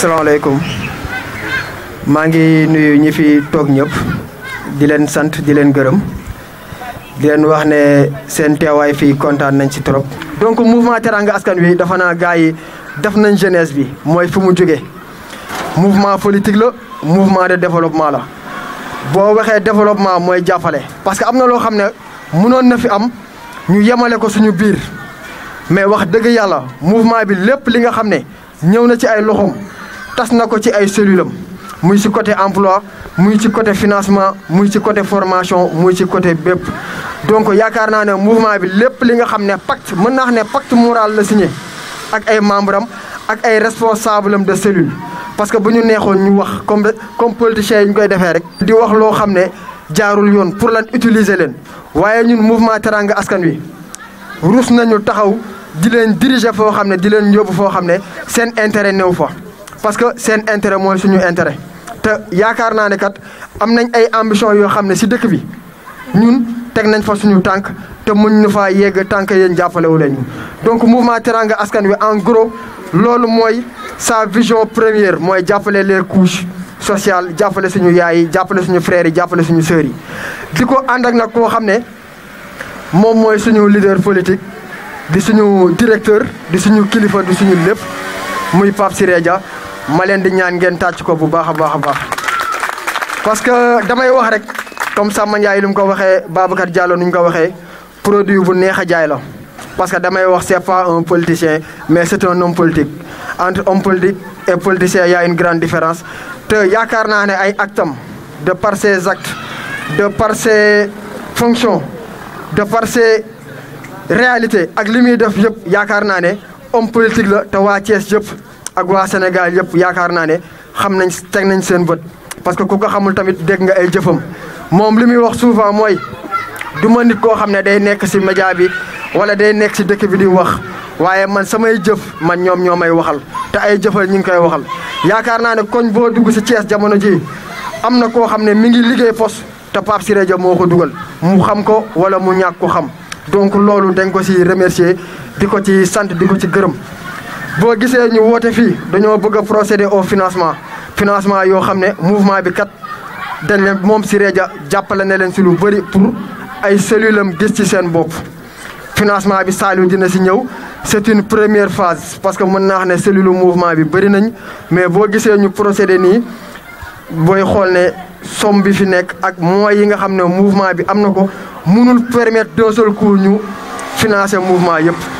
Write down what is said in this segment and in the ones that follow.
asalaamaaleykum maa ngi nuyu ñi fi toog ñëpp di leen sant di leen gërëm di leen wax ne seen teewaay fii kontaan nañ ci trop. donc mouvement Teranga askan wi dafa naa gars yi def nañ jeunesse bi mooy fu mu jóge mouvement politique la mouvement de développement la boo waxee développement mooy jàppale. parce que am na loo xam ne mënoon na fi am ñu yemale ko suñu biir mais wax dëgg yàlla mouvement bi lépp li nga xam ne ñëw na ci ay loxoom. tas na ko ci ay cellules am muy ci côté emploi muy ci côté financement muy ci côté formation muy ci côté bép donc yaakaar na ne mouvement bi lépp li nga xamné ne pacte mën naa xam pacte moral la signé ak ay membres am ak ay responsables de cellule. parce que buñu ñu neexoon ñu wax comme comme politiciens yi ñu koy defee rek. di wax lo xamné ne jaarul yoon pour lan utiliser leen. waye ñun mouvement Teranga askan wi ruus nañu taxaw di leen diriger fo xamné ne di leen yóbbu fo xamné ne intérêt néw fa parce que seen intérêt mooy suñu intérêt te yaakaar na ne kat am nañ ay ambition yo xam ci si dëkk bi ñun teg nañ fa suñu tank te muñ ñu fa yegg tank yéen jappalé leen donc mouvement Teranga askan wi en gros lolu moy sa vision première moy jappalé les couches sociales jappalé suñu yaay jappalé suñu frère jappalé suñu sœur yi diko ko ànd ak nag koo xam ne suñu leader politique di suñu directeur di suñu kilifa di suñu lepp muy pap Siré ma leen di ñaan ngeen tàcc ko bu baax a baax a baax parce que damay wax rek comme Samba Ndiaye lu mu ko waxee Babacar Diallo nu ñu ko waxee produit bu neex a jaay la. parce que damay wax c'est pas un politicien mais c'est un homme politique entre homme politique et politicien il y a une grande différence te yaakaar naa ne ay actam de par ses actes de par ses fonctions de par ses réalités ak li muy def yëpp yaakaar naa ne homme politique la te waa Thiès yëpp. ak waa Sénégal yëpp yaakaar naa ne xam nañ teg nañ seen bët parce que ku ko xamul tamit dégg nga ay jëfam moom li muy wax souvent mooy du ma nit koo xam ne day nekk si média bi wala day nekk si dëkk bi di wax waaye man samay jëf man ñoom ñoo may waxal te ay jëfal ñu ngi koy waxal. yaakaar naa ne koñ boo dugg si Thiès jamono ji am na koo xam ne mi ngi liggéey pos te Pape Siré Dia moo ko dugal mu xam ko wala mu ñàkk ko xam donc loolu dañ ko si remercier di ko ci sant di ko ci gërëm. bo gisee ñu woote fii dañoo bëgg a procéder au financement financement yoo xam ne mouvement bi kat dañ leen moom si Dia jàppale ne leen si lu bëri pour ay cellules am gis ci seen bopp. financement bi Saliou dina si ñëw c'est une première phase parce que mën naa wax ne cellule mouvement bi bëri nañ mais boo gisee ñu procéder nii booy xool ne somme bi fi nekk ak moyens yi nga xam ne mouvement bi am na ko mënul permettre d'un seul coup ñu financer mouvement yëpp.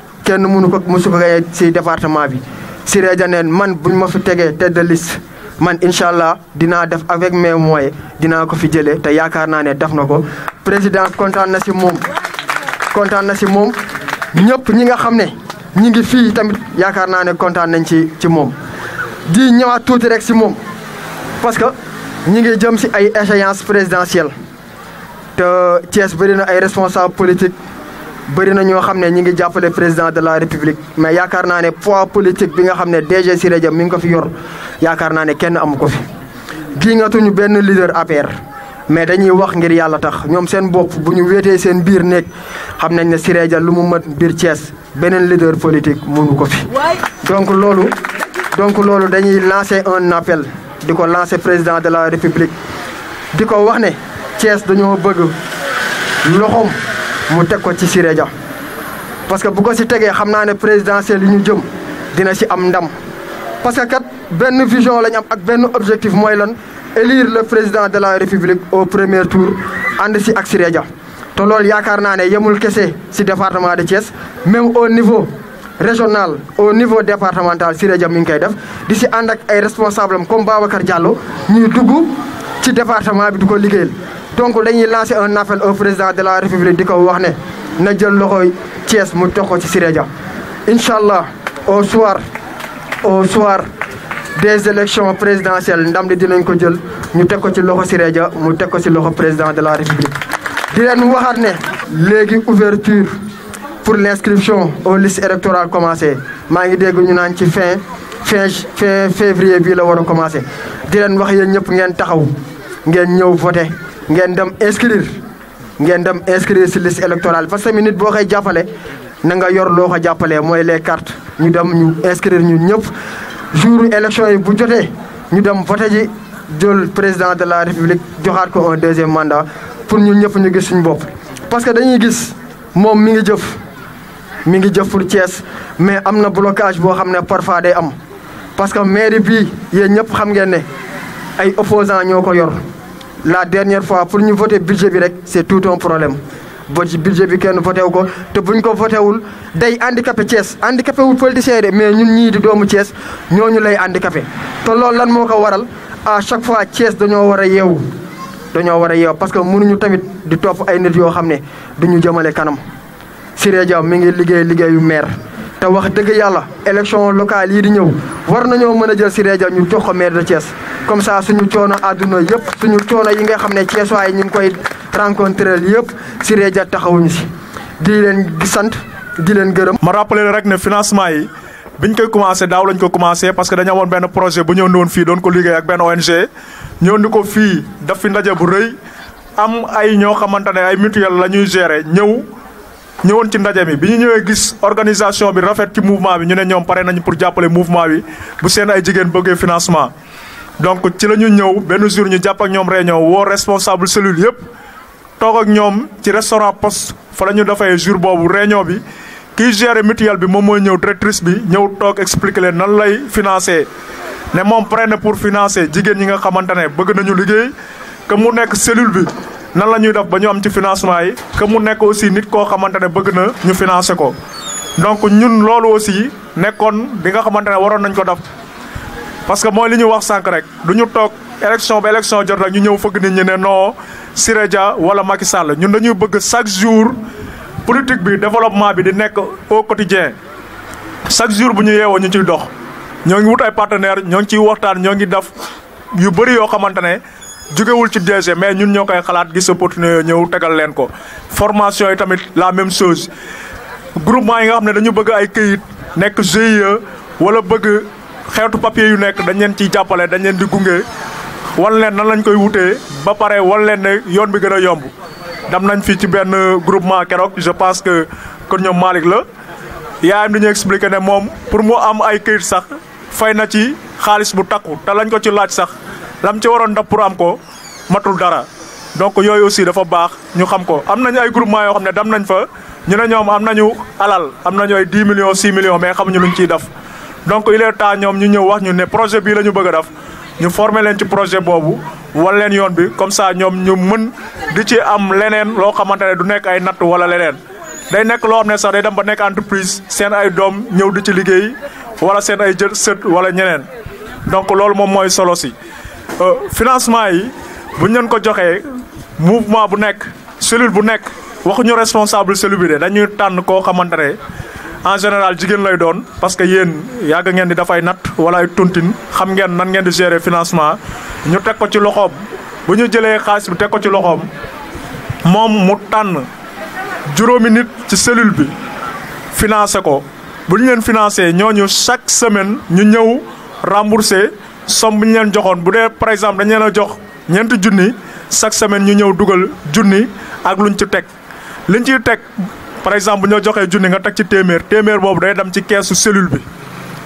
kenn mënu ko mësu ko gañe si département bi ci Dia man buñ ma fi téggé tête de liste man inshallah allah def avec mes moyens dina ko fi jëlé té yaakaar na ne def nako président contane na ci mom contane na ci mom ñëpp ñi nga xamné ne ñi ngi fi tamit yaakaar na ne contane nañ ci ci mom di ñëwaat tuuti rek si mom parce que ñi ngi jëm ci ay échéance présidentielle te Thiès bari na ay responsable politique bëri na ñoo xam ne ñi ngi jàppale président de la république mais yaakaar naa ne poids politique bi nga xam ne DG Siré Dia mi ngi ko fi yor yaakaar naa ne kenn amu ko fi giingatuñu benn leader APR mais dañuy wax ngir yàlla tax ñoom seen bopp bu ñu wéetee seen biir nekk xam nañ ne Siré Dia lu mu mën biir Thiès beneen leader politique mënu ko fi donc loolu donc loolu dañuy lancer un appel di ko lancer président de la république di ko wax ne Thiès dañoo bëgg loxoom mu teg ko ci Siré parce que bu ko si tegee xam naa ne présidentielle yi ñu jëm dina si am ndam parce que kat benn vision lañ am ak benn objectif mooy lan élire le président de la république au premier tour ànd si ak Siré Dia te loolu yaakaar naa ne yemul kese si département de Thiès même au niveau régional au niveau départemental si Dia mi ngi koy def di si ànd ak ay responsable am comme Babacar Diallo ñuy dugg ci département bi du ko liggéeyal donc dañuy lancer un appel au président de la république di ko wax ne na jël loxoy Thiès mu jox ci Siré Dia au soir au soir des élections présidentielles ndam li dinañ ko jël ñu teg ko ci loxo Siré Dia mu teg ko ci loxo président de la république di leen waxaat ne léegi ouverture pour l'inscription aux listes électorales commencé maa ngi dégg ñu naan ci fin fin fin février bii la war a commencé di leen wax yéen ñëpp ngeen taxaw ngeen ñëw voté ngeen dem inscrire ngeen dem inscrire si liste électorale parce que nit boo koy jàppale na nga yor loo ko jàppalee mooy les cartes ñu dem ñu inscrire ñun ñëpp jour élection yi bu jotee ñu dem voté ji jël président de la république joxaat ko un deuxième mandat pour ñun ñëpp ñu gis suñu bopp. parce que dañuy gis moom mi ngi jëf mi ngi jëf pour Thiès mais am na blocage boo xam ne parfois day am parce que mairie bii yéen ñëpp xam ngeen ne ay opposants ñoo ko yor. la dernière fois pour ñu voter budget bi rek c'est tout un problème bo ci budget bi kenn voté wu ko te buñ ko voté wul day handicapé ties handicapé wul politicien yi mais ñun ñi di doomu Thiès ñooñu lay handicapé te lool lan moko waral à chaque fois ties dañoo wara yew yeewu dañoo war a parce que mënu ñu tamit di top ay nit yo xamné duñu jëmalé kanam Siré Dia mi ngi liggéey liggéey liggéeyu maire te wax dëgg yàlla élection locale yi di ñëw war nañoo mën a jël Siré Dia ñu jox ko maire de Thiès. comme ça suñu coono aduna yépp suñu coono yi nga xamné ci Ceesuwaay yi ñu ngi koy rencontré yépp ci réja taxawuñu ci di leen di sante di leen gëreum ma rappeler rek né financement yi biñ koy commencé daw lañ ko commencé parce que dañu won ben projet bu ñëw woon fii doon ko liggéey ak ben ONG ñëw ni ko fi daf fi ndaje bu reuy am ay ño xamantane ay mutuel lañuy ñuy gérer ñëw. ñëwoon ci ndaje mi bi ñu ñëwee gis organisation bi rafet ci mouvement bi ñu ne ñoom pare nañ pour jàppale mouvement bi bu seen ay jigéen bëggee financement donc ci la ñu ñëw benn jur ñu jàpp ak ñoom réunion woo responsable cellule yëpp toog ak ñoom ci restaurant poste fa la ñu dafay jour boobu réunion bi kiy gérer mutuelle bi moom mooy ñëw directrice bi ñëw toog expliquer leen nan lay financer ne moom pare na pour financer jigéen ñi nga xamante ne bëgg nañu liggéey que mu nekk cellule bi nan la ñuy def ba ñu am ci financement yi que mu nekk aussi nit koo xamante ne bëgg na ñu financer ko donc ñun loolu aussi nekkoon bi nga xamante ne waroon nañ ko def. parce que mooy li ñu wax sànq rek duñu toog élection ba élection jot rek ñu ñëw fëgg nit ñi ne non Siré Dia wala Macky Sall ñun dañuy bëgg chaque jour politique bi développement bi di nekk au quotidien chaque jour bu ñu yeewoo ñu ciy dox. ñoo ngi wut ay partenaires ñoo ngi ciy waxtaan ñoo ngi def yu bëri yoo xamante ne jógewul ci DG mais ñun ñoo koy xalaat gis opportunité ñëw tegal leen ko. formation yi tamit la même chose groupement yi nga xam ne dañu bëgg ay këyit nekk e wala bëgg. xeetu papier yu nekk dañ leen ciy jàppale dañ leen di gunge wan leen nan lañ koy wutee ba pare wan leen ne yoon bi gën a yomb dem nañ fii ci benn groupement keroog je pense que kon ñoom Malick la yaayam ñu expliqué ne moom pour mu am ay këyit sax fay na ci xaalis bu takku te lañ ko ci laaj sax lam ci waroon dab pour am ko matul dara donc yooyu aussi dafa baax ñu xam ko am nañu ay groupement yoo xam ne dem nañ fa ñu ne ñoom am nañu alal am nañu ay 10 millions 6 mais xamuñu luñ ciy def. donc il est temps ñoom ñu ñëw wax ñu né projet bi lañu bëgg a def ñu former leen ci projet bobu wan leen yoon bi comme ça ñom ñu mën di ci am leneen lo xamante du nekk ay natt wala leneen. day nekk lo xam sax day dem ba nekk entreprise seen ay doom ñëw di ci liggéey wala seen ay jël seut wala ñeneen donc loolu moom mooy solo si. Euh, financement yi bu ñu ko joxee mouvement bu nekk cellule bu nekk waxuñu responsable cellule bi de dañuy tànn koo xamante en général jigen lay doon parce que yeen yag ngeen di dafay nat wala ay tontine xam ngeen nan ngeen di gérer financement ñu tek ko ci loxom bu ñu jëlé xaaliss bi tek ko ci loxom mom mu tan juroomi nit ci cellule bi financer ko bu ñu leen financer ñoñu chaque semaine ñu ñew rembourser som bu ñu leen joxoon bu dé par exemple dañ leen jox ñent junni chaque semaine ñu ñew duggal junni ak luñ ci tek liñ ci tek par exemple bu ñoo joxee junni nga teg ci téeméer téeméer boobu day dem ci keesu cellule bi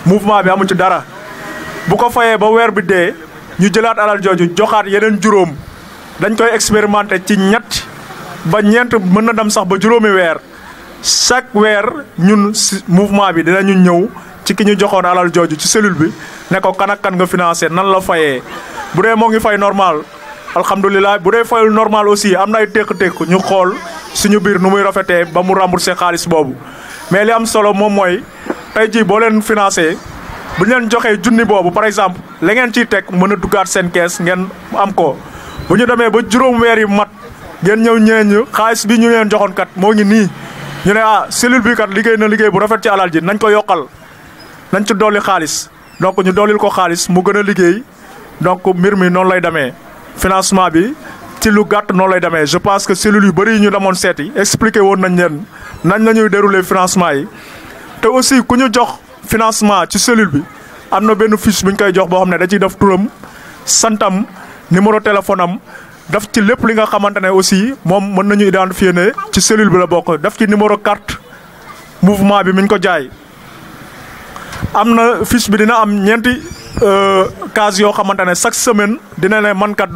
mouvement bi amu ci dara bu ko fayee ba weer bi dee ñu jëlaat alal jooju joxaat yeneen juróom dañ koy expérimenter ci ñett ba ñeent mën na dem sax ba juróomi weer chaque weer ñun mouvement bi dinañu ñëw ci ki ñu joxoon alal jooju ci cellule bi ne ko kan kan nga financé nan la fayee bu dee moo ngi fay normal alhamdulilah bu dee fayul normal aussi am na ay téq-téq ñu xool suñu biir nu muy rafetee ba mu remboursé xaalis boobu mais li am solo moom mooy tey jii boo leen financé bu ñu leen joxee junni boobu par exemple la ngeen ciy tek mën a duggaat seen kees ngeen am ko bu ñu demee ba juróom weer yi mat ngeen ñëw ñeen ñu xaalis bi ñu leen joxoon kat moo ngi nii ñu ne ah cellule bi kat liggéey na liggéey bu rafet ci alal ji nañ ko yokkal nañ ci dolli xaalis donc ñu dollil ko xaalis mu gën a liggéey donc mbir mi noonu lay demee financement bi ci lu je pense que c'est yu bëri ñu demoon seet yi expliqué nañ financement yi aussi ku ñu jox financement ci cellule bi am na fiche bu ñu koy jox boo xam da numéro téléphone am daf ci lépp li nga aussi moom mën nañu identifier ne ci cellule bi la bokk daf numéro carte mouvement bi miñ ko jaay fiche bi dina am ñeenti euh, case yoo dina man kat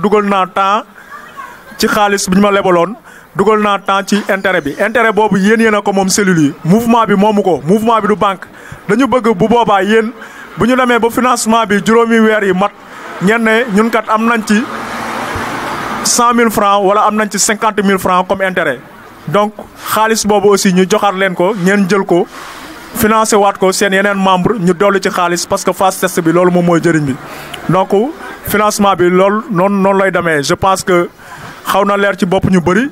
ci xaalis bi ñu ma lebaloon dugal naa temps ci intérêt bi intérêt boobu yéen yéen a ko moom cellules yi mouvement bi moomu ko mouvement bi du banque dañu bëgg bu boobaa yéen bu ñu demee ba financement bi juróomi weer yi mat ñenn ñun kat am nañ ci cent mille francs wala am nañ ci cinquante mille francs comme intérêt donc xaalis boobu aussi ñu joxaat leen ko ñeen jël ko financé waat ko seen yeneen membre ñu dolli ci xaalis parce que phase test bi loolu moom mooy jëriñ bi donc financement bi loolu noonu noonu lay demee je pense que xawna leer ci bop ñu bari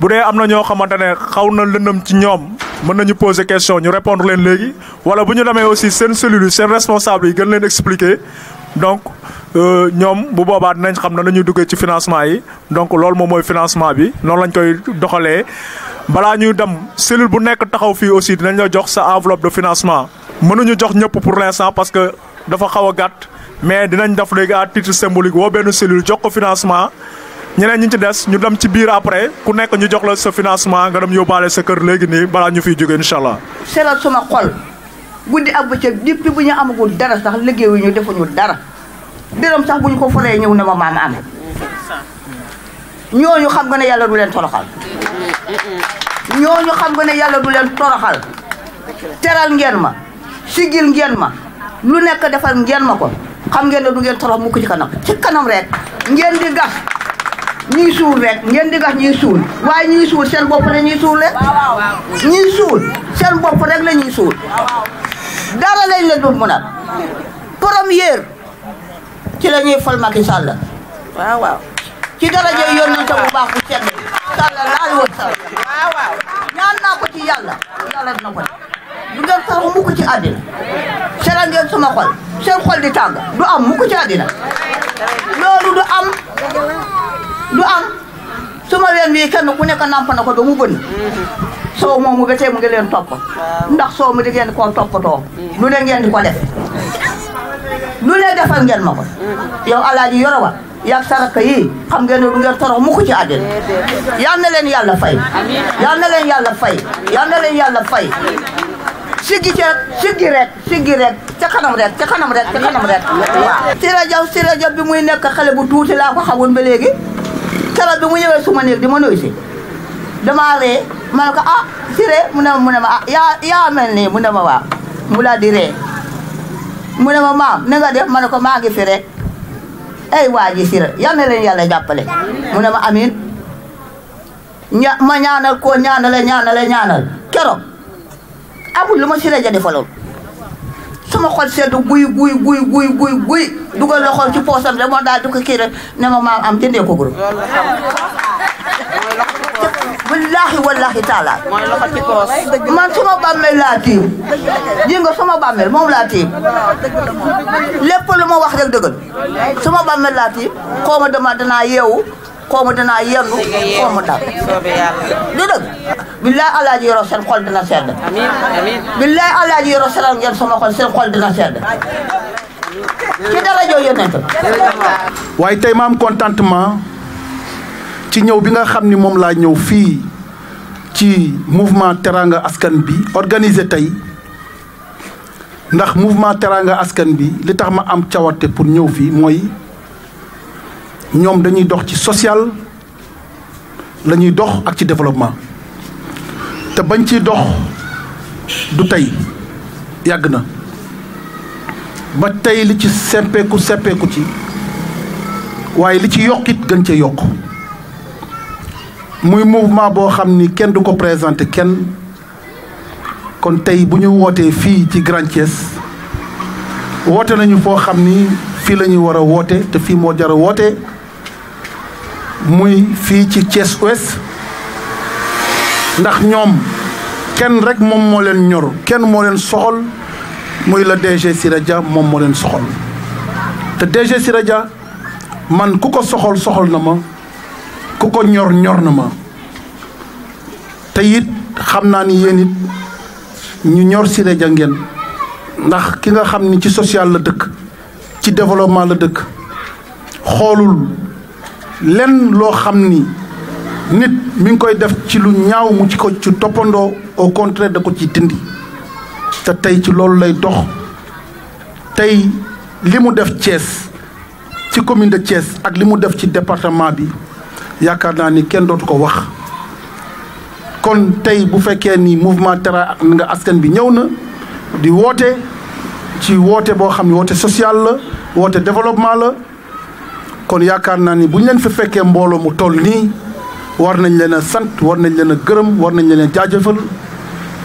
bu dé amna ño xamantane xawna ne ci ñom mën nañu poser question ñu répondre leen légui wala buñu démé aussi sen cellule sen responsable yi gën leen expliquer donc euh, ñom bu boobaa dinañ xam na la duggé ci financement yi donc lool mom moy financement bi non lañ koy doxalé bala ñuy dem cellule bu nekk taxaw fi aussi dinañ la jox sa enveloppe de financement mënuñu jox ñëpp pour l'instant parce que dafa xaw a mais dinañ def léegi à titre symbolique wo benn cellule jox ko financement ñeneen ñi ci des ñu dem ci biir après ku nekk ñu jox la sa financement nga dem yóbbaale sa kër léegi nii balaa ñu fiy jóge incha allah. seetal suma xol guddi ak bëccëg dipi bu ñu amagul dara sax liggéeyuñu defuñu dara biram sax buñ ko foree ñëw na ma maam ame ñooñu xam nga ne yàlla du leen toroxal ñooñu xam nga ne yàlla du leen toroxal teral ngeen ma sigil ngeen ma lu nekk defal ngeen ma ko xam ngeen ne du ngeen torox mukk ci kanam ci kanam rek ngeen di gas ñuy suul rek ngeen di wax waaye ñuy suul seen bopp la ñuy suul rek ñuy suul seen bopp rek la ñuy suul dara lañ la dul mënal première ci la ñuy fal Macky Sall waaw waaw ci baax bu sedd sallallahu ñaan naa ko ci yàlla yàlla dina ko def du ngeen sax mukk ci àddina seral ngeen sama xol seen xol di tàng du am mukk ci àddina loolu du am lu am su ma ween wi kenn ku nekk namp na ko ba mu bënn soo moomu ba tey mu ngi leen topp ndax soo mu di ngeen koo toppatoo mm. lu ne ngeen di ko def lu ne defal ngeen ma ko mm. yow alaaji yorowa yaag saraka yi xam ngeen ne ngeen torox mukk ci àddina yal na leen yàlla fay yal na leen yàlla fay yal na yàlla fay siggi ci siggi rek siggi rek ca kanam rek ca kanam rek ca kanam rek waaw Siré Dia Siré Dia bi muy nekk xale bu tuuti laa ko xamoon ba léegi keroog bi mu ñëwee suma di ma nuyu damaa ree ma ne ko ah Siré mu ne ma ne ma ah yaa yaa mel ni mu ne ma waa mu daal di ree mu ne ma maam ni de ma ne ko maa ngi fi rek ay waa ji Siré yal na leen mu ne ma amiin ña ma ñaanal koo ñaanale ñaanale ñaanal keroog amul luma ma Siré ja defaloon sama xol seddu guy guy guy guy guy guy dugal loxoom ci poosam rek moo daal di ko kii rek ne ma maam am jëndee ko groupe wallaahi wallaahi taala man sama bàmmeel laa tiim ji nga sama bàmmeel moom laa tiim lépp lu ma wax rek dëggal sama bàmmeel laa tiim xaw ma yeewu xaw ma danaa yendu xaw ma dëgg billaay alaaji yoro seen xol dina sedd billaay alaaji yoro seral ngeen sama xol seen xol dina sedd ci dara joo yonent waaye tey ma am contentement ci ñëw bi nga xam ni moom laa ñëw fii ci mouvement teranga askan bi organisé tey ndax mouvement teranga askan bi li tax ma am cawarte pour ñëw fii mooy ñoom dañuy dox ci social la ñuy dox ak ci développement te bañ ciy dox du tey yàgg na ba tey li ci seppeeku seppeeku ci waaye li ci yokkit gën ca yokk muy mouvement boo xam ni kenn du ko présenté kenn kon tey bu ñu wootee fii ci Grand Thiès woote nañu foo xam ni fii lañuy ñu war a woote te fii moo jar a woote muy fii ci Thiès Ouest ndax ñoom kenn rek moom moo leen ñor kenn moo leen soxal muy la DG Siré Dia moom moo leen soxal te DG Siré Dia man ku ko soxal soxal na ma ku ko ñor ñor na ma te it xam naa ni yéen it ñu ñor Siré Dia ngeen ndax ki nga xam ni ci social la dëkk ci développement la dëkk xoolul lenn loo xam ni nit mi ngi koy def ci lu ñaaw mu ci ko ci toppandoo au contraire da ko ci dindi te tey ci loolu lay dox tey li mu def Thiès ci commune de Thiès ak li mu def ci département bi yaakaar naa ni kenn dootu ko wax kon tey bu fekkee ni mouvement Tera nga askan bi ñëw na di woote ci woote boo xam ne woote social la woote développement la kon yaakaar naa ni bu ñu leen fi fekkee mbooloo mu toll nii war nañ leen a sant war nañ leen a gërëm war nañ leen a jaajëfal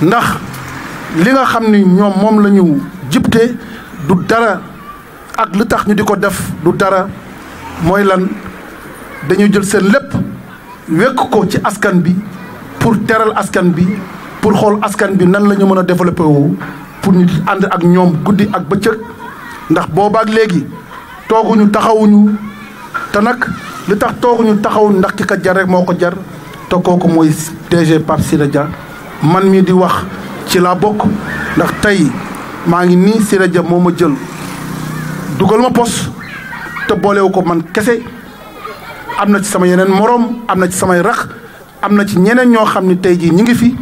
ndax li nga xam ni ñoom moom la ñu jibte du dara ak lu tax ñu di ko def du dara mooy lan dañuy jël seen lépp wékk ko ci askan bi pour teral askan bi pour xool askan bi nan lañu mën a développé woo pour ñu ànd ak ñoom guddi ak bëccëg ndax boobaak léegi tooguñu taxawuñu te nag lu tax ñu taxaw ndax ki ka jar rek moko sira jar to koku moy DG Pape Siré man mi di wax ci la bok ndax tay ma ngi ni Siré moma jël dugal ma pos te boolewu ko man kese amna ci sama yenen morom amna ci sama rax amna ci ñeneen ño xamni tay ji ñi ngi fi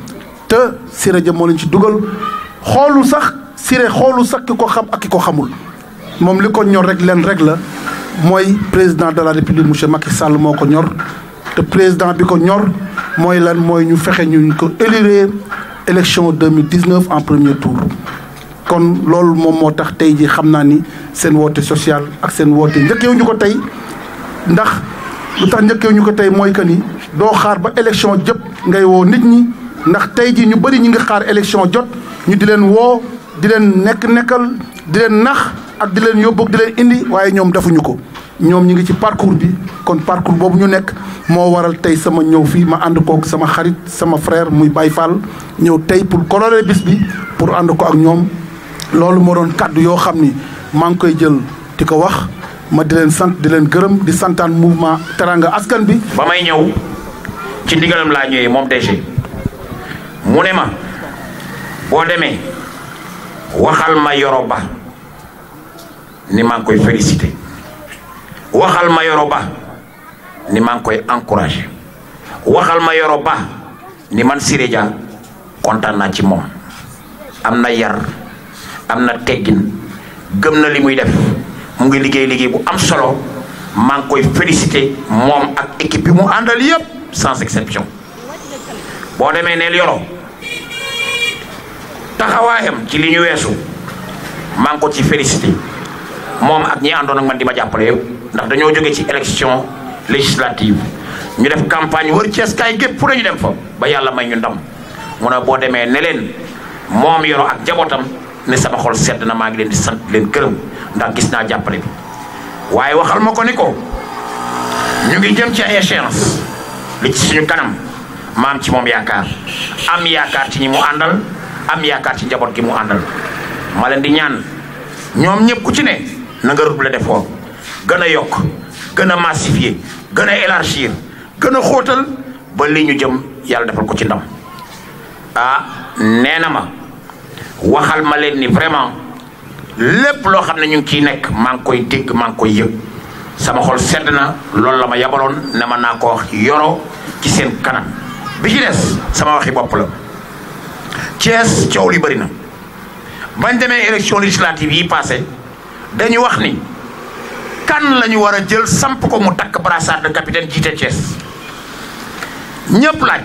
te Siré mo moo leen ci dugal xolu sax Siré xolu sax ki ko xam ak ko xamul mom li ko ñor rek len rek la moy président de la république monsieur Macky Sall moko ñor te président bi ko ñor moy lan moy ñu fexé ñu ko élire élection 2019 en premier tour. kon lool mom motax tay ji xamna ni sen woote social ak sen woote njëkkeew ñu ñuko tay ndax lu tax njëkkeew ñu ko tey mooy que ni do xaar ba élection jëpp ngay wo nit ñi ndax tay ji ñu bari ñi nga xaar élection jot ñu di len wo di len nek nekkal di len nax. ak di leen yóbbu di leen indi waaye ñoom defuñu ko ñoom ñi ngi ci parcours bi kon parcours boobu ñu nekk moo waral tey sama ñëw fii ma ànd sama xarit sama frère muy Baye Fall ñëw tey pour colorer bis bi pour ànd ko ak ñoom loolu moo doon kàddu yoo xam ni maa ngi koy jël di wax ma di leen sant di leen gërëm di santaan mouvement teranga askan bi. ba may ñëw ci ndigalam laa ñëwee moom DG mu ma boo demee waxal ma yoroba ni maa ngi koy félicité waxal ma Yoro Ba ni maa ngi koy encouragé waxal ma Yoro Ba ni man Siré Dia kontaan naa ci moom am na yar am na teggin gëm na li muy def mu ngi liggéey liggéey bu am solo maa ngi koy félicité moom ak équipe mu àndal yëpp sans exception boo demee neel Yoro taxawaayam ci li ñu weesu maa ngi ko ci félicité. mom ak ñi andon ak man di ma jàppale ndax dañoo joggé ci élection législative ñu def campagne wër ci kaay gep pour ñu dem fa ba yalla may ñu ndam mu ne boo demee ne leen moom yoroo ak jabotam ne sama xol sedd na ma ngi len di sant len kërëm ndax gis na jàppale bi waye waxal mako ni ko ñu ngi jëm ci ay échéance li ci suñu kanam maam ci mom yaakar am yaakar ci ñi mu andal am yaakar ci jabot gi mu andal ma len di ñaan ñom ñep ku ci ne na nga redoubler d'effort gën a yokk gën a massifier gën a élargir gën a xootal ba li ñu jëm yàlla defal ko ci ndam ah nee na ma waxal ma leen ni vraiment lépp loo xam ne ñu ngi ciy nekk maa ngi koy dégg maa ngi koy yëg sama xol sedd na loolu la ma yabaloon ne ma naa ko wax yoro ci seen kanam bi ci des sama waxi bopp la Thiès coow li bëri na bañ demee élection législative yi passé dañu wax ni kan la ñu war a jël samp ko mu takk brassard de capitaine jiite Thiès ñëpp laaj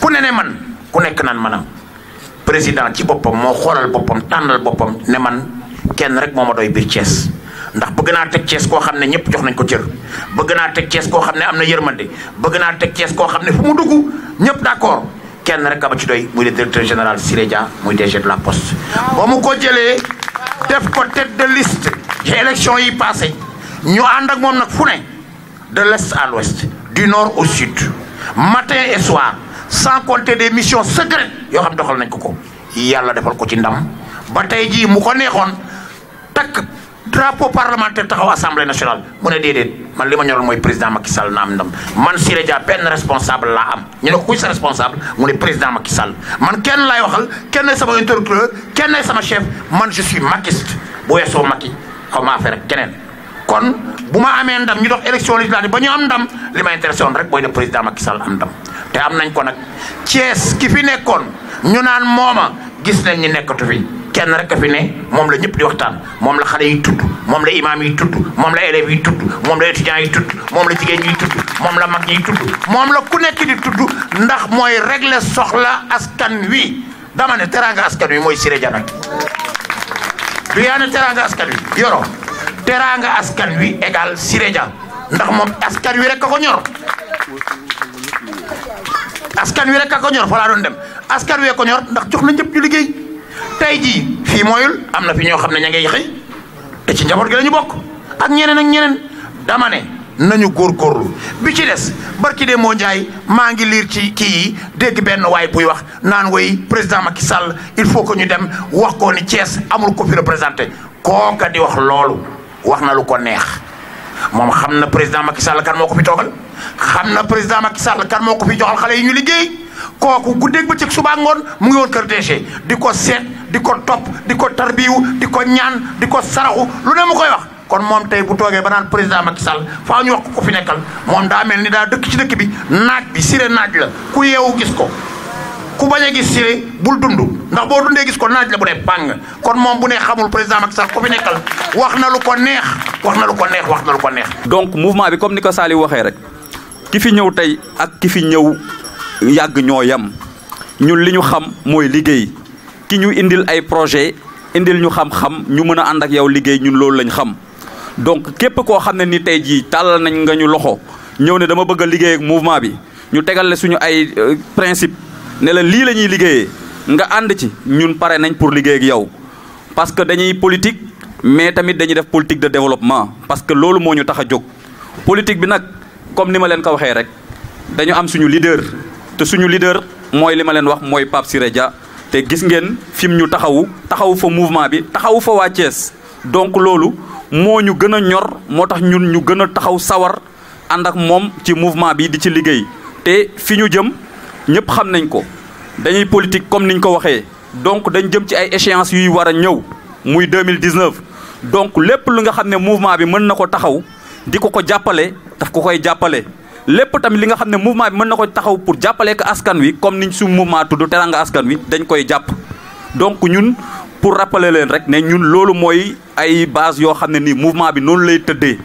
ku ne ne man ku nekk naan manam président ci boppam moo xoolal boppam tànnal boppam ne man kenn rek moo ma doy biir Thiès ndax bëgg naa teg Thiès koo xam ne ñëpp jox nañ ko cër bëgg naa teg Thiès koo xam ne am na yërmande bëgg naa teg Thiès koo xam ne fu mu dugg ñëpp d'accord kenn rek a ma ci doy muy le directeur général Siré Dia muy DG de la Poste ba mu ko def ko tête de liste ci élection yi passé ñu Nous, ak mom nak de l'est à l'ouest du nord au sud matin et soir sans compter des missions secrètes yo xam doxal nañ ko ko yalla defal ko ci ndam ba tay ji mu ko neexoon tak drapeau parlementaire taxaw assemblée nationale mu ne déedéet man li ma ñoroon mooy président Macky Sall na am ndam man Siré Dia benn responsable laa am ñu ne kuy sa responsable mu ne président Macky Sall man kenn laay waxal kenn sama interlocuteur kenn sama chef man je suis mackiste bu weesoo Macky xaw affaire keneen. kon bu ma amee ndam ñu dox élection législative ba ñu am ndam li ma intéressé woon rek mooy ne président Macky Sall am ndam te am nañ ko nag Thiès ki fi nekkoon ñu naan mooma gis nañ ni nekkatu fi. kenn rek a fi ne moom la ñëpp di waxtaan moom la xale yi tudd moom la imaam yi tudd moom la élèves yi tudd moom la étudiants yi tudd moom la jigéen yi tudd moom la mag ñiy tudd moom la ku nekk di tudd ndax mooy régler soxla askan wi dama ne teraanga askan wi mooy Siré Dia du yaa ne teraanga askan wi yoro teraanga askan wi égal Siré Dia ndax moom askan wi rek ka ko ñor askan wi rek ka ko ñor fa laa doon dem askan wi ko ñor ndax jox na ñëpp ñu liggéey tey jii fii mooyul am na fi ñoo xam ne ña ngay xëy te ci njaboot gi la ñu bokk ak ñeneen ak ñeneen dama ne nañu góorlu bi ci des barki de moo njaay maa ngi liir ci kii dégg benn waay buy wax naan woy président Macky Sall il faut que ñu dem wax ko ni Thiès amul ko fi représenté kooka di wax loolu wax na lu ko neex moom xam na président Macky Sall kan moo ko fi toogal xam na président Macky Sall kan moo ko fi joxal xale yi ñu liggéey kooku guddeeg bëccëg subaa ngoon mu ngi woon kër déchet di ko seet di ko topp di ko tarbiwu di ko ñaan di ko saraxu lu ne mu koy wax kon moom tey bu toogee ba naan président Macky Sall faa ñu wax ko fi nekkal moom daa mel ni daa dëkk ci dëkk bi naaj bi siree naaj la ku yeewu gis ko ku bañ a gis sire bul dund ndax boo dundee gis ko naaj la bu ne bàng kon moom bu ne xamul président Macky Sall ko fi nekkal wax na lu ko neex wax na lu ko neex wax na lu ko neex. donc mouvement bi comme ni ko Saliou waxee rek ki fi ñëw tey ak ki fi ñëw. yàgg ñoo yem ñun li ñu xam mooy liggéey ki ñu indil ay projet indil ñu xam-xam ñu mën a ànd ak yow liggéey ñun loolu lañ xam donc képp koo xam ne ni tey jii tàllal nañ nga ñu loxo ñëw ne dama bëgg a liggéey ak mouvement bi ñu tegal la suñu ay euh, principe ne la lii la ñuy liggéeyee nga ànd ci ñun pare nañ pour liggéey ak yow parce que dañuy politique mais tamit dañu def politique de développement parce que loolu moo ñu tax a jóg politique bi nag comme ni ma leen ko waxee rek dañu am suñu leader te suñu leader mooy li ma leen wax mooy Pape Siré te gis ngeen fim ñu taxawu taxawu fa mouvement bi taxawu fa waa Thiès donc loolu moo ñu gën a ñor moo tax ñun ñu gën a taxaw sawar ànd ak moom ci mouvement bi di ci liggéey te fi ñu jëm ñëpp xam nañ ko dañuy politique comme niñ ko waxee donc dañ jëm ci ay échéances yuy war a ñëw muy 2019 donc lépp lu nga xam ne mouvement bi mën na ko taxaw di ko ko jàppale daf ko koy jàppale lépp tamit li nga xam ne mouvement bi mën na ko taxaw pour jàppale ko askan wi comme niñ su mouvement tudd teranga askan wi dañ koy jàpp donc ñun pour rappeler leen rek ne ñun loolu mooy ay base yoo xam ne nii mouvement bi noonu lay tëddee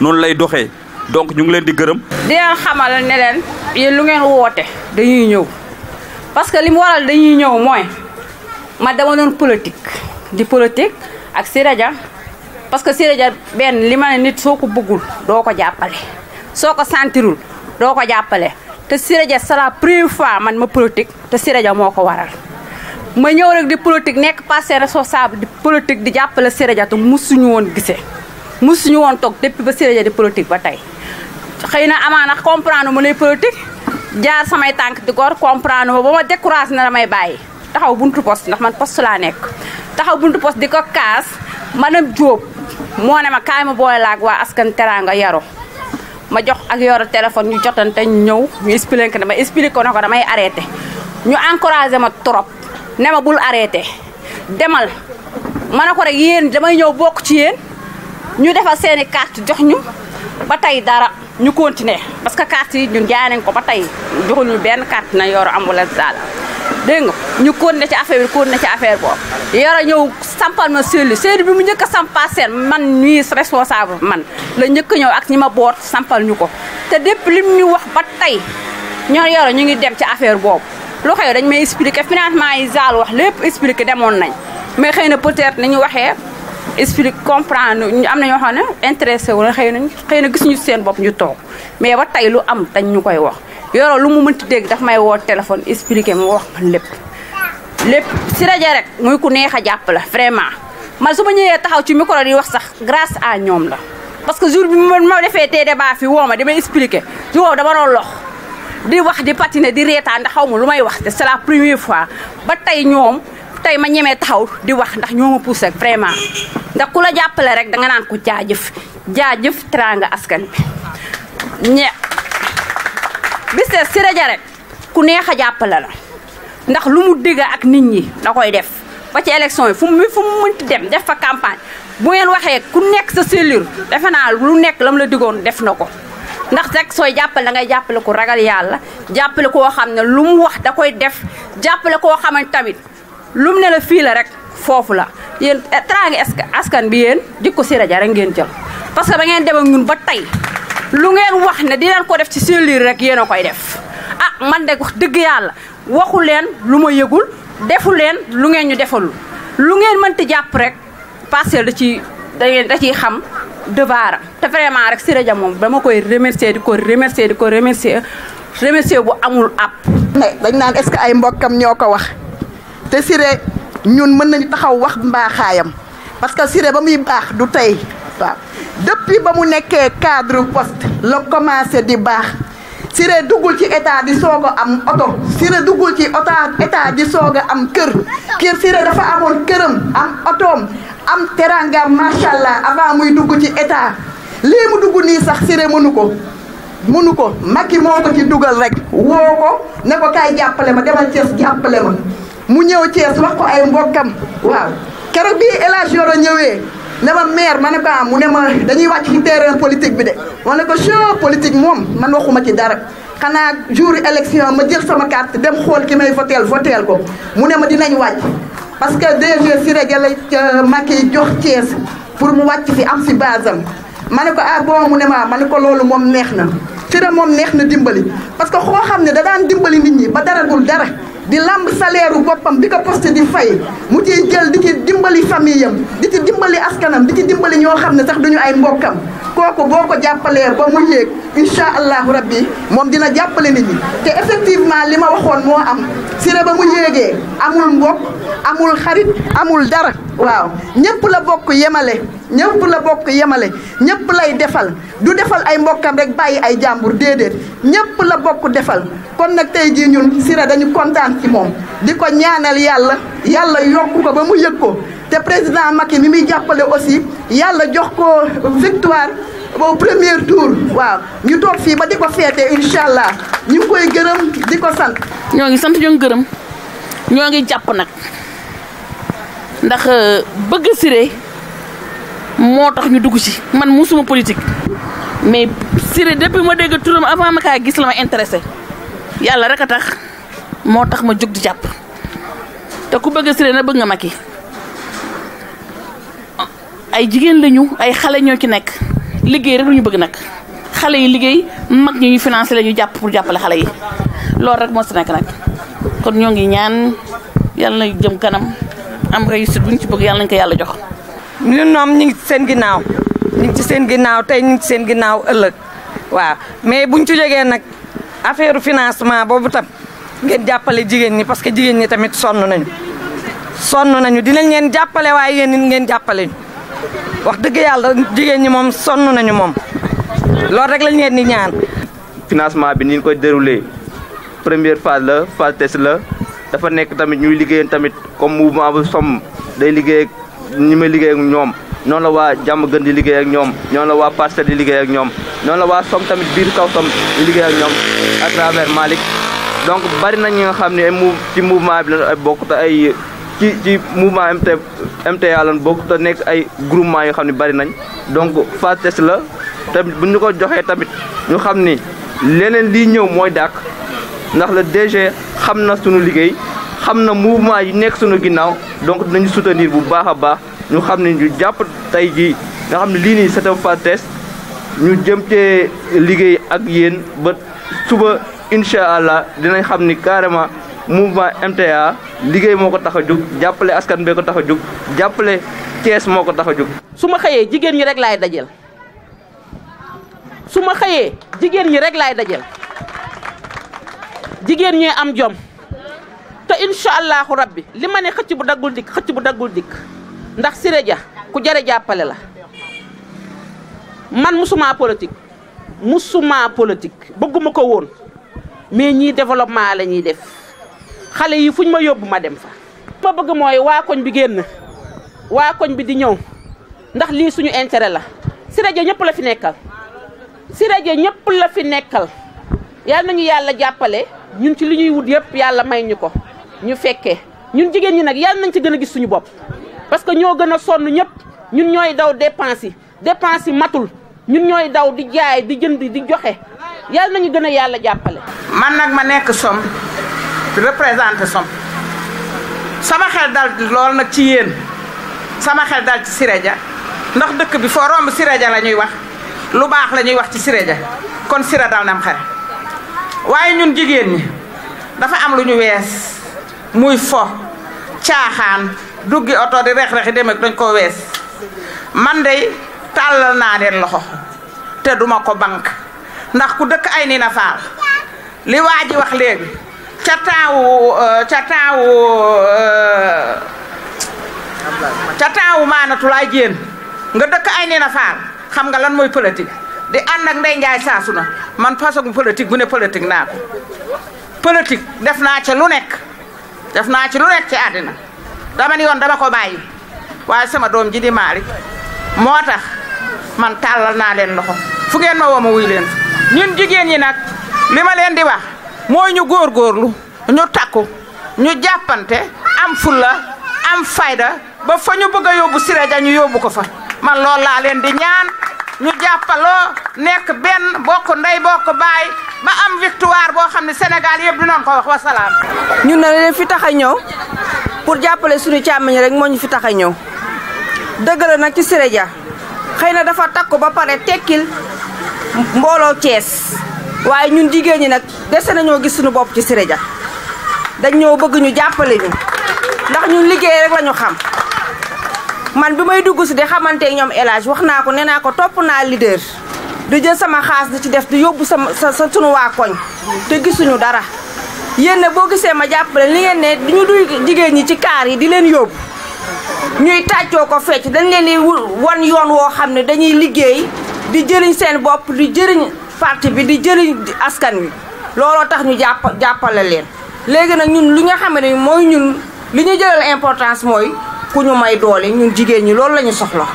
noonu lay doxee donc ñu ngi leen di gërëm. di leen xamal ne leen yéen lu ngeen woote dañuy ñëw parce que li mu waral dañuy ñëw mooy ma dama doon politique di politique ak Siré pas parce que Siré lima benn li ma ne nit soo ko bëggul doo ko jàppale. soo ko santirul doo ko jàppale te Siré Dia c'est la fois man ma politique te Siré Dia moo ko waral ma ñëw rek di politique nekk passé responsable di politique di jàppale Siré Dia te musuñu woon gisee musuñu woon toog depuis ba Siré Dia di politique ba tey xëy na amaana comprendre mu lay politique jaar samay tànk di gor comprendre ma ba ma découragé na damay bàyyi taxaw buntu poste ndax man poste laa nekk taxaw buntu poste di ko kaas man a Jóob moo ne ma kaay ma boole laak waa askan teraanga yaro ma jox ak yor téléphone ñu jotante ñu ñëw ñu expliqué ko dama expliqué ko ne ko damay arrêté ñu encouragé ma trop ne ma bul arrêté demal ma ne ko rek yéen damay ñëw bokk ci yéen ñu defal seeni kart jox ñu. ba tey dara ñu continuer parce que carte yi ñun jaay nañ ko ba tey joxuñu benn carte na yoro ambulance daal dégg nga ñu continuer ci affaire bi continuer ci affaire boobu yoro ñëw sampal ma seetlu seetlu bi mu njëkk a sampal seen man ñuy responsable man la njëkk ñëw ak ñi ma boot sampal ñu ko te depuis lim ñu wax ba tey ñoo yoro ñu ngi dem ci affaire boobu lu xew dañ may expliquer financement yi zaal wax lépp expliquer demoon nañ mais xëy na peut-être ni ñu waxee explique comprendre ñu am na ñoo xam ne intéressé wu na xëy na xëy na gisuñu seen bopp ñu toog mais ba tey lu am dañ ñu koy wax yoroo lu mu mënti dégg daf may woo téléphone expliqué ma wax man lépp lépp si rajo rek muy ku neex a jàpp la vraiment man su ma ñëwee taxaw ci micro yi wax sax grace à ñoom la parce que jour bi ma ma defee tee baa fi woo ma damay expliqué jour boobu dama doon lox di wax di patiner di reetaan ndax xaw ma lu may wax te c'est la première fois ba tey ñoom. tay ma ñëmé taxaw di wax ndax ñoma ma poussé vraiment ndax ku la jàppale rek nga nan ko jaajëf jaajëf tranga askan bi ñe bis sira jare ku neexa jappalé la ndax lu mu dégg ak nit ñi da koy def ba ci élection fu mu fu mënti dem def fa campagne bu ngeen waxé ku nekk sa cellule defé na lu nekk lam la digoon def nako ndax rek soy jappal da ngay jappal ko ragal yalla jappal ko xamne lu mu wax da koy def jappal ko xamne tamit lum ne la fi la rek fofu la yéen eh, teraanga askan bi yeen jikko sira Dia rek ngeen jël parce que ba ngeen dem ak ñun ba tay lu ngeen wax ne di leen ko def ci cellule rek yeen akoy def ah man de wax deug yalla waxu len luma yegul yëgul defu leen lu ngeen ñu defal lu ngeen mënti japp rek parcelle da ci da ngeen da ci xam bar te vraiment rek sira Dia moom dama koy remercier di ko remercier di ko remercier remercier bu amul app dañ nan est ce ay mbokam ñoko wax te Siré ñun mën nañu taxaw wax mbaaxaayam parce que Siré ba muy baax du tey waaw ba mu nekkee cadre poste la commencé di baax Siré duggul ci état di soog am oto Siré duggul ci ota état di soog a am kër kër Siré dafa amoon këram am otoom am teraangam macha allah avant muy dugg ci état lii mu dugg nii sax Siré mënu ko mënu ko Macky moo ko ci dugal rek woo ko ne ko kaay jàppale ma demal Thiès jàppale ma mu ñëw Thiès wax ko ay mbokkam waaw keroog bii El Hadj a ñëwee ne ma maire ma ne ko ah, mu ne ma dañuy wàcc ci terrain politique bi de ma ne ko show moom man waxuma ci dara xanaa jour élection ma jël sama carte dem xool ki may voteel voteel ko mu ne ma dinañ wàcc parce que DG Siré Dia la euh, Macky jox Thiès pour mu wàcc fi am si basam ma ne ko ah bon mu ne ma ne ko loolu moom neex na Siré moom neex na dimbali parce que koo xam ne da daan dimbali nit ñi ba dara dul dara di lamb salaire u boppam di ko poste di fay mu ciy jël di ci dimbali famille am di ci dimbali askanam di ci dimbali ñoo xam ne sax duñu ay mbokkam kooku boo ko jàppalee ba mu yéeg incha allahu rabbi moom dina jàppale nit ñi te effectivement li ma waxoon moo am Siré ba mu yéegee amul mbokk amul xarit amul dara waaw ñëpp la bokk yemale ñëpp la bokk yemale ñëpp lay defal du defal ay mbokkam rek bàyyi ay jàmbur déedéet ñëpp la bokk defal kon nag tey jii ñun Siré dañu kontaan ci moom di ko ñaanal yàlla yàlla yokk ko ba mu yëg ko le président Macky aussi a jox ko victoire au premier tour waaw ñu toog fii ba di ko feete Nous ñu fait koy gërëm di sant. ñoo sant ñoo ngi ndax euh, bëgg man politique mais depuis ma dégg turam avant que gis intéressé yàlla a tax ma fait ku bëgg Siré Macky. ay jigen lañu ay xalé ñoo ci nek liggéey rek luñu bëgg nak xalé yi liggéey mag ñi ñu financé lañu japp pour jappalé xalé yi lool rek mo ci nek nak kon ñoo ngi ñaan yalla na jëm kanam am réussite buñ ci bëgg yalla nañ ko yàlla jox ñu ñoom ñi ngi seen ginaaw ñi ci seen ginaaw tay ñi ci seen ginaaw ëlëk waaw mais buñ ci jógee nak affaire financement bobu tam ngeen jappalé jigen ñi parce que jigen ñi tamit sonu nañu sonu nañu dinañ leen jappalé waaye yeen ngeen jappalé ñu wax dëgg yàlla jigéen ñi moom sonn nañu moom loolu rek lañ leen di ñaan. financement bi ni ñu ko déroulé première phase la phase la dafa nekk tamit ñuy liggéeyan tamit comme mouvement bu somm day liggéey ak ñi may liggéey ak ñoom noonu la waa jàmm gën di liggéey ak ñoom noonu la waa Parcelles liggéey ak ñoom noonu la waa somm tamit biir kaw somm di liggéey ak ñoom à travers Malick donc bari na xam ne ci mouvement la bokk te ay. ci ci mouvement MT MTA lan bokk te nekk ay groupement yoo xam ne bari nañ donc phase test la tamit bu nu ko joxee tamit ñu xam ni leneen lii ñëw mooy dàq ndax le DG xam na sunu liggéey xam na mouvement yi nekk sunu ginnaaw donc dinañu soutenir bu baax a baax ñu xam ne ñu jàpp tey jii nga xam ne lii nii c'est un phase test ñu jëm cee liggéey ak yéen ba suba incha allah dinañ xam ni carrément. mouvement MTA liggéey moo ko tax a jóg jàppale askan bee ko tax a jóg jàppale Thiès moo ko tax a jóg. su ma xëyee jigéen ñi rek laay dajeel su ma xëyee jigéen ñi rek laay dajeel jigéen ñee am jom te incha allahu rabbi li ma ne xëcc bu daggul dikk xëcc bu daggul dikk ndax Siré Dia ku jare jàppale la man musuma politique musuma politique bëgguma ko woon mais ñii développement la ñuy def. xale yi fuñ ma yóbbu ma dem fa. ma bëgg mooy waa koñ bi génn waa koñ bi di ñëw ndax lii suñu intérêt la Siré Dia ñëpp la fi nekkal Siré Dia ñëpp la fi nekkal yal nañu yàlla jàppale ñun ci li ñuy wut yëpp yàlla may ñu ko ñu fekkee ñun jigéen ñi nag yàlla nañ ci gën a gis suñu bopp. parce que ñoo gën a sonn ñëpp ñun ñooy daw dépense yi dépense yi matul ñun ñooy daw di jaay di jënd di joxe yàlla nañu gën a yàlla jàppale. man nag ma nekk som représenté som sama xel dal lool nag ci yéen sama xel dal ci siréja ndax dëkk bi foo romb siréja la wax lu baax la wax ci siréja kon sira dal nam xare waaye ñun jigéen ñi dafa am lu ñu wees muy fo caaxaan duggi oto di rex rexi dem ak dañ ko wees man day tàllal naa leen loxo te duma ko bank ndax ku dëkk ay ni na faal li waa ji wax léegi ca taawu ca taawu ca taawu maanatulaay jéen nga dëkk ay nina faal xam nga lan mooy politique di ànd ak Ndey Njaay saasu na man façon politique bu ne politique naa ko politique def naa ci lu nekk def naa ci lu nekk ci àddina dama ni dama ko bàyyi waaye sama doom ji di Malick moo tax man tàllal naa leen loxo fu ngeen ma woo ma wuy leen ñun jigéen ñi nag li ma leen di wax mooy ñu góor góorgóorlu ñu takku ñu jàppante am fulla am fayda ba fa ñu bëgg a yóbbu Siré Dia ñu yóbbu ko fa man loolu laa leen di ñaan ñu jàppaloo nekk benn bokk ndey bokk baay ba am victoire boo xam ne Sénégal yëpp dinañ ko wax wasalaam. ñun na leen fi tax a ñëw pour jàppale suñu càmmiñ rek moo ñu fi tax a ñëw dëgg la nag ci Siré Dia xëy na dafa takku ba pare tekkil mbooloo Cees waye ñun jigéen ñi nak dese nañoo gis suñu bop ci Siré dañ ñoo bëgg ñu jappalé ñu ndax ñun liggéey rek lañu xam man bi may dugg si dé xamanté ñom élage waxna ko néna ko top na leader di jël sama xaas di ci def du yobbu sama sa sa sunu koñ té gisunu dara yeen nag boo gisee ma jappalé li ngeen né di ñu duy jigéen ñi ci kaar yi di leen yobbu ñuy taccio ko fecc dañ leen di wan yoon wo xamné dañuy liggéey di jëriñ seen bop di jëriñ parti bi di jëriñ askan wi looloo tax ñu jàpp jàppale leen léegi nag ñun li nga xam ne mooy ñun li ñu jëlal importance mooy ku ñu may doole ñun jigéen ñi loolu la ñu soxla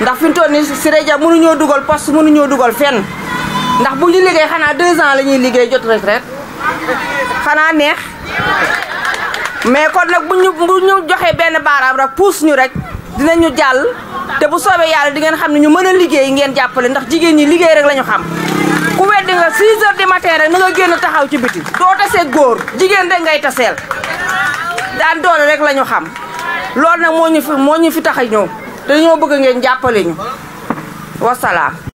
ndax fi mu toll nii Siré Dia mënuñoo dugal poste mënuñoo dugal fenn ndax bu ñu liggéey xanaa deux ans la ñuy liggéey jot retraite xanaa neex mais kon nag bu ñu bu ñu joxee benn baaraam rek puus ñu rek dinañu jàll te bu soobee yàlla di ngeen xam ne ñu mën a liggéey ngeen jàppale ndax jigéen ñi liggéey rek la ñu xam. ku weddi nga 6 heures du matin rek na nga génn taxaw ci biti doo tasee góor jigéen rek ngay taseel daan doole rek la ñu xam loolu nag moo ñu fi moo ñu fi tax a ñëw te ñoo bëgg ngeen jàppale ñu wasalaam.